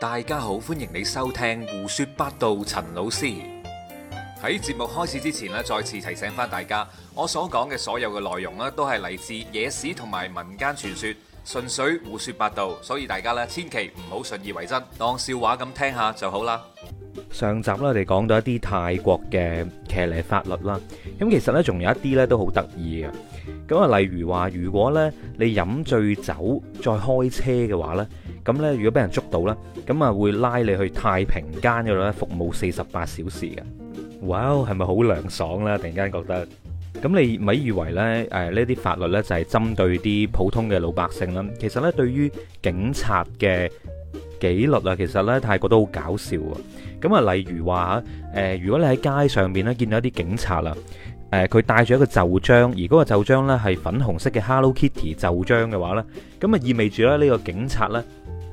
大家好，歡迎你收聽胡說八道。陳老師喺節目開始之前呢，再次提醒翻大家，我所講嘅所有嘅內容呢，都係嚟自野史同埋民間傳說，純粹胡說八道，所以大家呢，千祈唔好信以為真，當笑話咁聽下就好啦。上集呢，我哋講到一啲泰國嘅騎呢法律啦，咁其實呢，仲有一啲呢，都好得意嘅。咁啊，例如話，如果呢你飲醉酒再開車嘅話呢，咁呢，如果俾人捉到啦，咁啊會拉你去太平間嗰度呢服務四十八小時嘅。哇，係咪好涼爽呢？突然間覺得。咁你咪以為呢誒呢啲法律呢就係針對啲普通嘅老百姓啦。其實呢，對於警察嘅紀律啊，其實呢，泰國都好搞笑嘅。咁啊，例如話誒，如果你喺街上面呢見到一啲警察啦。誒、呃，佢戴住一個袖章，而嗰個袖章呢係粉紅色嘅 Hello Kitty 袖章嘅話呢，咁啊意味住咧呢個警察呢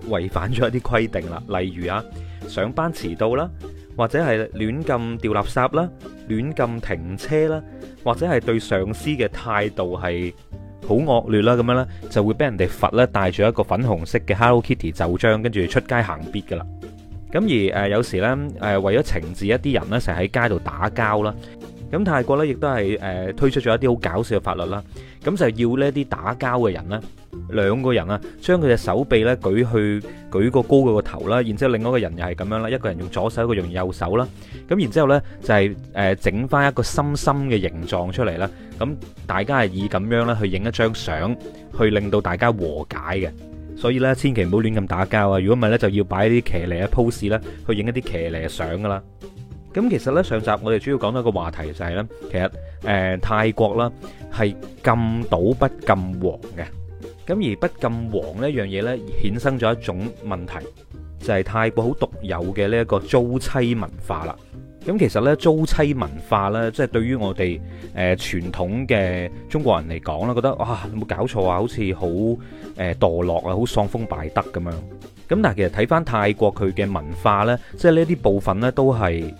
違反咗一啲規定啦，例如啊上班遲到啦，或者係亂咁掉垃圾啦，亂咁停車啦，或者係對上司嘅態度係好惡劣啦，咁樣呢，就會俾人哋罰咧，戴住一個粉紅色嘅 Hello Kitty 袖章，跟住出街行必噶啦。咁而誒、呃、有時呢，誒、呃、為咗懲治一啲人呢，成日喺街度打交啦。咁泰國咧，亦都係誒推出咗一啲好搞笑嘅法律啦。咁就係要呢啲打交嘅人啦，兩個人啊，將佢隻手臂咧舉去舉個高過個頭啦，然之後另外一個人又係咁樣啦，一個人用左手，一個人用右手啦。咁然之後咧，就係誒整翻一個心心嘅形狀出嚟啦。咁大家係以咁樣咧去影一張相，去令到大家和解嘅。所以咧，千祈唔好亂咁打交啊！如果唔係咧，就要擺啲騎呢嘅 pose 啦，去影一啲騎呢嘅相噶啦。咁其實呢，上集我哋主要講到一個話題，就係呢，其實誒泰國啦係禁賭不禁黃嘅。咁而不禁黃呢一樣嘢呢，衍生咗一種問題，就係泰國好獨有嘅呢一個租妻文化啦。咁其實呢，租妻文化呢，即係對於我哋誒傳統嘅中國人嚟講啦，覺得哇有冇搞錯啊？好似好誒墮落啊，好喪風敗德咁樣。咁但係其實睇返泰國佢嘅文化呢，即係呢一啲部分呢，都係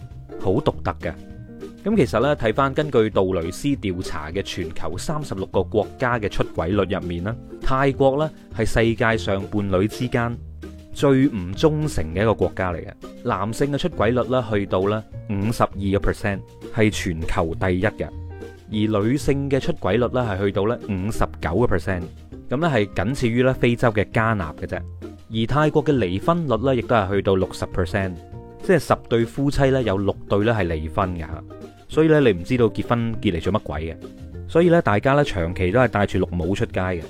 好獨特嘅，咁其實呢，睇翻，根據杜蕾斯調查嘅全球三十六個國家嘅出軌率入面呢，泰國呢係世界上伴侶之間最唔忠誠嘅一個國家嚟嘅。男性嘅出軌率呢，去到呢五十二個 percent 係全球第一嘅，而女性嘅出軌率呢，係去到呢五十九個 percent，咁呢係僅次於呢非洲嘅加納嘅啫，而泰國嘅離婚率呢，亦都係去到六十 percent。即係十對夫妻呢，有六對呢係離婚㗎，所以呢，你唔知道結婚結嚟做乜鬼嘅，所以呢，大家呢長期都係戴住綠帽出街嘅，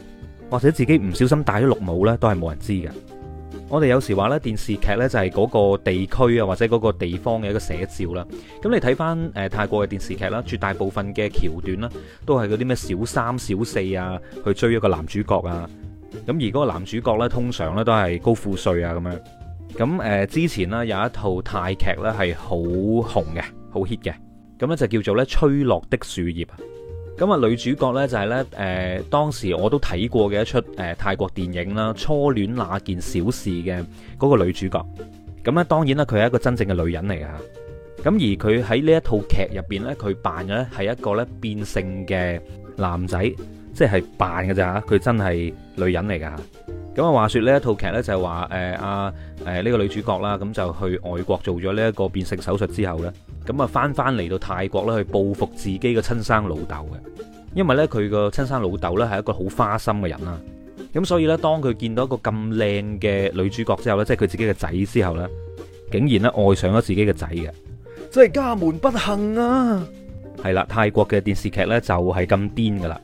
或者自己唔小心戴咗綠帽呢，都係冇人知嘅。我哋有時話呢，電視劇呢就係嗰個地區啊或者嗰個地方嘅一個寫照啦。咁你睇翻誒泰國嘅電視劇啦，絕大部分嘅橋段啦，都係嗰啲咩小三小四啊去追一個男主角啊。咁而嗰個男主角呢，通常呢都係高富帥啊咁樣。咁誒、呃，之前咧有一套泰劇咧係好紅嘅，好 hit 嘅，咁呢就叫做咧吹落的樹葉。咁啊，女主角呢，就係咧誒，當時我都睇過嘅一出誒、呃、泰國電影啦，《初戀那件小事》嘅嗰個女主角。咁咧，當然啦，佢係一個真正嘅女人嚟嘅。咁而佢喺呢一套劇入邊咧，佢扮嘅咧係一個咧變性嘅男仔，即係扮嘅咋，佢真係女人嚟噶。咁啊，話說呢一套劇呢，就係話誒啊誒呢個女主角啦，咁就去外國做咗呢一個變性手術之後呢，咁啊翻翻嚟到泰國啦，去報復自己嘅親生老豆嘅，因為呢，佢個親生老豆呢係一個好花心嘅人啦，咁所以呢，當佢見到一個咁靚嘅女主角之後呢，即係佢自己嘅仔之後呢，竟然呢愛上咗自己嘅仔嘅，即係家門不幸啊！係啦，泰國嘅電視劇呢就係咁癲噶啦，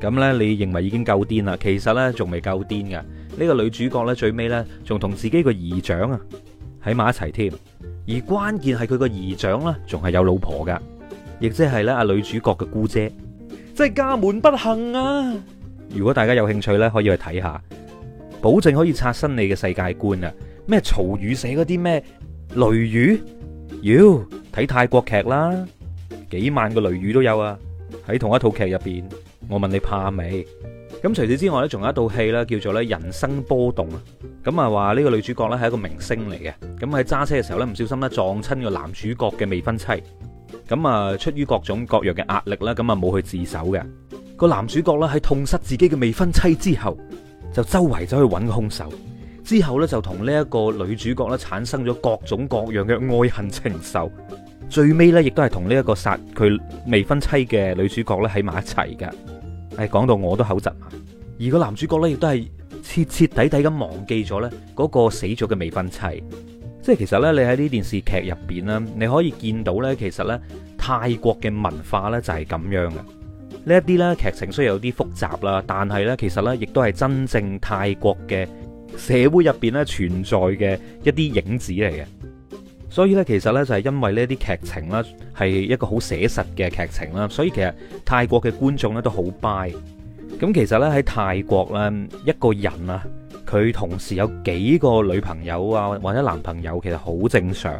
咁呢，你認為已經夠癲啦，其實呢，仲未夠癲嘅。呢、這個女主角咧最尾咧仲同自己個姨丈啊喺埋一齊添，而關鍵係佢個姨丈咧仲係有老婆噶，亦即係咧阿女主角嘅姑姐，即係家門不幸啊！如果大家有興趣咧，可以去睇下，保證可以刷新你嘅世界觀啊！咩曹禺寫嗰啲咩雷雨？妖睇泰國劇啦，幾萬個雷雨都有啊！喺同一套劇入邊，我問你怕未？咁除此之外呢仲有一套戲呢，叫做《人生波動》啊。咁啊話呢個女主角呢係一個明星嚟嘅。咁喺揸車嘅時候呢，唔小心咧撞親個男主角嘅未婚妻。咁啊，出於各種各樣嘅壓力啦，咁啊冇去自首嘅。個男主角呢喺痛失自己嘅未婚妻之後，就周圍走去揾兇手。之後呢，就同呢一個女主角呢產生咗各種各樣嘅愛恨情仇。最尾呢，亦都係同呢一個殺佢未婚妻嘅女主角咧喺埋一齊嘅。係講到我都口窒埋，而個男主角咧亦都係徹徹底底咁忘記咗咧嗰個死咗嘅未婚妻，即係其實咧你喺呢電視劇入邊啦，你可以見到咧其實咧泰國嘅文化咧就係咁樣嘅，呢一啲咧劇情雖然有啲複雜啦，但係咧其實咧亦都係真正泰國嘅社會入邊咧存在嘅一啲影子嚟嘅。所以咧，其實咧就係因為呢啲劇情啦，係一個好寫實嘅劇情啦，所以其實泰國嘅觀眾咧都好 buy。咁其實咧喺泰國咧，一個人啊，佢同時有幾個女朋友啊，或者男朋友，其實好正常。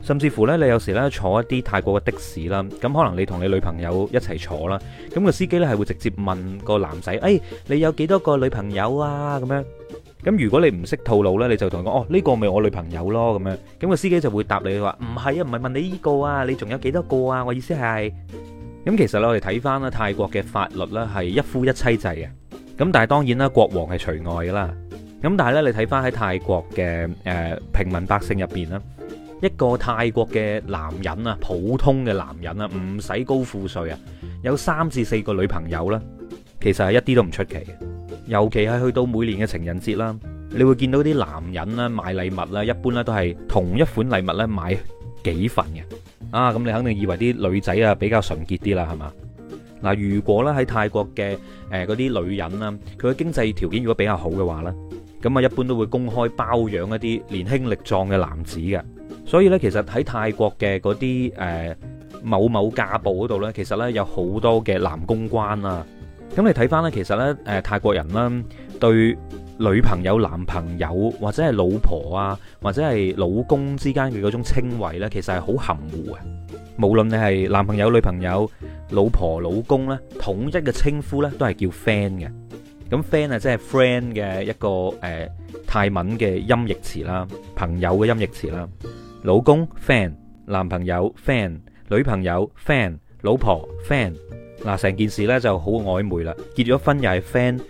甚至乎呢，你有時呢，坐一啲泰國嘅的士啦，咁可能你同你女朋友一齊坐啦，咁個司機呢，係會直接問個男仔：誒、哎，你有幾多個女朋友啊？咁樣。咁如果你唔識套路咧，你就同佢講哦，呢個咪我女朋友咯咁樣，咁個司機就會答你話唔係啊，唔係問你呢個啊，你仲有幾多個啊？我意思係，咁其實咧我哋睇翻咧泰國嘅法律咧係一夫一妻制嘅，咁但係當然啦，國王係除外噶啦，咁但係咧你睇翻喺泰國嘅誒平民百姓入邊咧，一個泰國嘅男人啊，普通嘅男人啊，唔使高富帥啊，有三至四個女朋友咧，其實係一啲都唔出奇嘅。尤其係去到每年嘅情人節啦，你會見到啲男人啦買禮物啦，一般咧都係同一款禮物咧買幾份嘅。啊，咁你肯定以為啲女仔啊比較純潔啲啦，係嘛？嗱，如果咧喺泰國嘅誒嗰啲女人啦，佢嘅經濟條件如果比較好嘅話咧，咁啊一般都會公開包養一啲年輕力壯嘅男子嘅。所以咧，其實喺泰國嘅嗰啲誒某某家暴嗰度咧，其實咧有好多嘅男公關啊。咁你睇翻咧，其實咧，誒，泰國人啦，對女朋友、男朋友或者係老婆啊，或者係老公之間嘅嗰種稱謂咧，其實係好含糊啊。無論你係男朋友、女朋友、老婆、老公咧，統一嘅稱呼咧，都係叫 fan 嘅。咁 fan 啊，即係 friend 嘅一個誒泰文嘅音譯詞啦，朋友嘅音譯詞啦。老公 fan，男朋友 fan，女朋友 fan，老婆 fan。嗱，成件事咧就好曖昧啦，結咗婚又係 friend，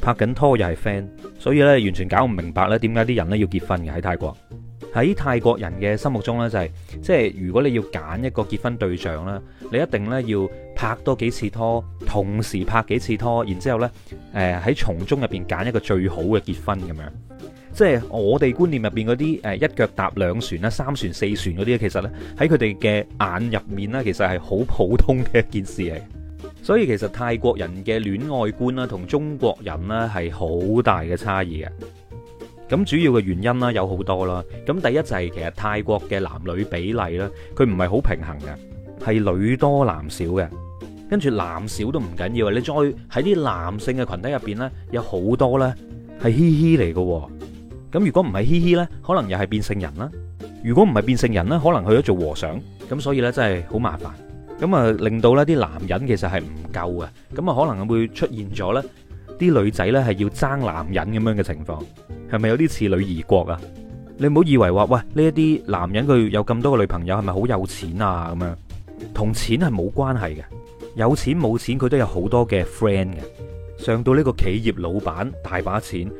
拍緊拖又係 friend，所以咧，完全搞唔明白咧點解啲人咧要結婚嘅喺泰國。喺泰國人嘅心目中呢，就係，即係如果你要揀一個結婚對象啦，你一定呢要拍多幾次拖，同時拍幾次拖，然之後呢喺從中入面揀一個最好嘅結婚咁樣。即係我哋觀念入面嗰啲一腳踏兩船啦、三船四船嗰啲，其實呢喺佢哋嘅眼入面呢，其實係好普通嘅一件事嚟。所以其實泰國人嘅戀愛觀啦，同中國人咧，係好大嘅差異嘅。咁主要嘅原因啦，有好多啦。咁第一就係其實泰國嘅男女比例呢，佢唔係好平衡嘅，係女多男少嘅。跟住男少都唔緊要，你再喺啲男性嘅群體入邊呢，有好多呢係嘻嘻嚟嘅。咁如果唔係嘻嘻呢，可能又係變性人啦。如果唔係變性人呢，可能去咗做和尚。咁所以呢，真係好麻煩。咁啊，令到咧啲男人其實係唔夠嘅，咁啊可能會出現咗咧啲女仔咧係要爭男人咁樣嘅情況，係咪有啲似女兒國啊？你唔好以為話喂呢一啲男人佢有咁多嘅女朋友係咪好有錢啊？咁樣同錢係冇關係嘅，有錢冇錢佢都有好多嘅 friend 嘅。上到呢個企業老闆大把錢，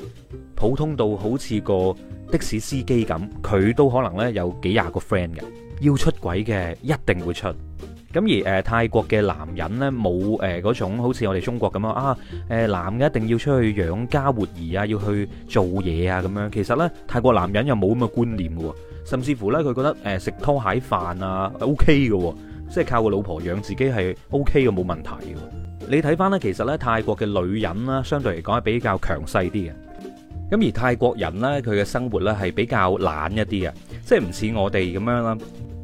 普通到好似個的士司機咁，佢都可能咧有幾廿個 friend 嘅。要出軌嘅一定會出。咁而、呃、泰國嘅男人呢，冇嗰、呃、種好似我哋中國咁啊，呃、男嘅一定要出去養家活兒啊，要去做嘢啊咁樣。其實呢，泰國男人又冇咁嘅觀念喎、啊，甚至乎呢，佢覺得食、呃、拖鞋飯啊 OK 嘅喎、啊，即係靠個老婆養自己係 OK 嘅冇問題嘅、啊。你睇返呢，其實呢，泰國嘅女人啦，相對嚟講係比較強勢啲嘅。咁而泰國人呢，佢嘅生活呢，係比較懶一啲嘅，即係唔似我哋咁樣啦。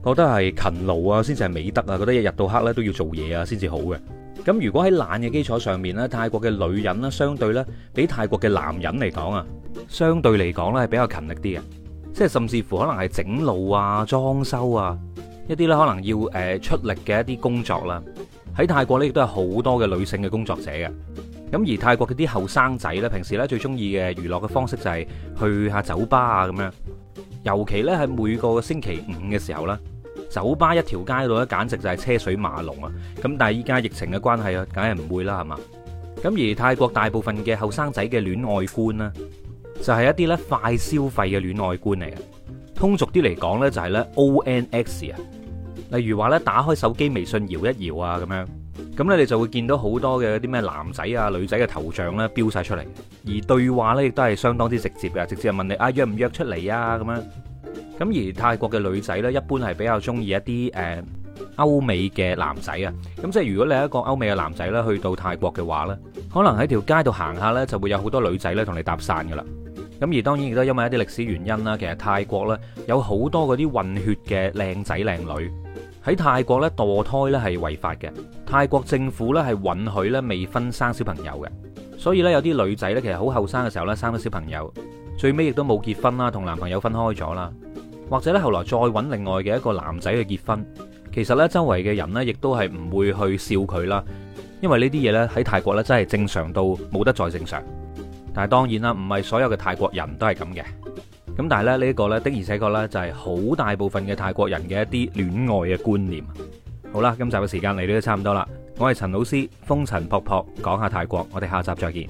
覺得係勤勞啊，先至係美德啊！覺得日日到黑咧都要做嘢啊，先至好嘅。咁如果喺懶嘅基礎上面咧，泰國嘅女人咧，相對咧，比泰國嘅男人嚟講啊，相對嚟講咧係比較勤力啲嘅。即係甚至乎可能係整路啊、裝修啊一啲咧，可能要誒出力嘅一啲工作啦。喺泰國咧亦都係好多嘅女性嘅工作者嘅。咁而泰國嗰啲後生仔咧，平時咧最中意嘅娛樂嘅方式就係去下酒吧啊咁樣，尤其咧喺每個星期五嘅時候咧。酒吧一條街度咧，簡直就係車水馬龍啊！咁但係依家疫情嘅關係啊，梗係唔會啦，係嘛？咁而泰國大部分嘅後生仔嘅戀愛觀咧，就係一啲咧快消費嘅戀愛觀嚟嘅。通俗啲嚟講呢，就係呢 O N X 啊。例如話呢，打開手機微信搖一搖啊，咁樣咁咧，你就會見到好多嘅啲咩男仔啊、女仔嘅頭像呢標晒出嚟。而對話呢，亦都係相當之直接嘅，直接問你啊約唔約出嚟啊咁樣。咁而泰國嘅女仔呢，一般係比較中意一啲誒歐美嘅男仔啊。咁即係如果你係一個歐美嘅男仔呢去到泰國嘅話呢，可能喺條街度行下呢，就會有好多女仔呢同你搭訕噶啦。咁而當然亦都因為一啲歷史原因啦，其實泰國呢有好多嗰啲混血嘅靚仔靚女。喺泰國呢墮胎呢係違法嘅。泰國政府呢係允許呢未婚生小朋友嘅，所以呢，有啲女仔呢其實好後生嘅時候呢，生咗小朋友，最尾亦都冇結婚啦，同男朋友分開咗啦。或者咧，後來再揾另外嘅一個男仔去結婚，其實呢，周圍嘅人呢亦都係唔會去笑佢啦，因為呢啲嘢呢喺泰國呢真係正常到冇得再正常。但係當然啦，唔係所有嘅泰國人都係咁嘅。咁但係咧，呢一個咧的而且確呢就係好大部分嘅泰國人嘅一啲戀愛嘅觀念。好啦，今集嘅時間嚟到都差唔多啦，我係陳老師，風塵僕僕講下泰國，我哋下集再見。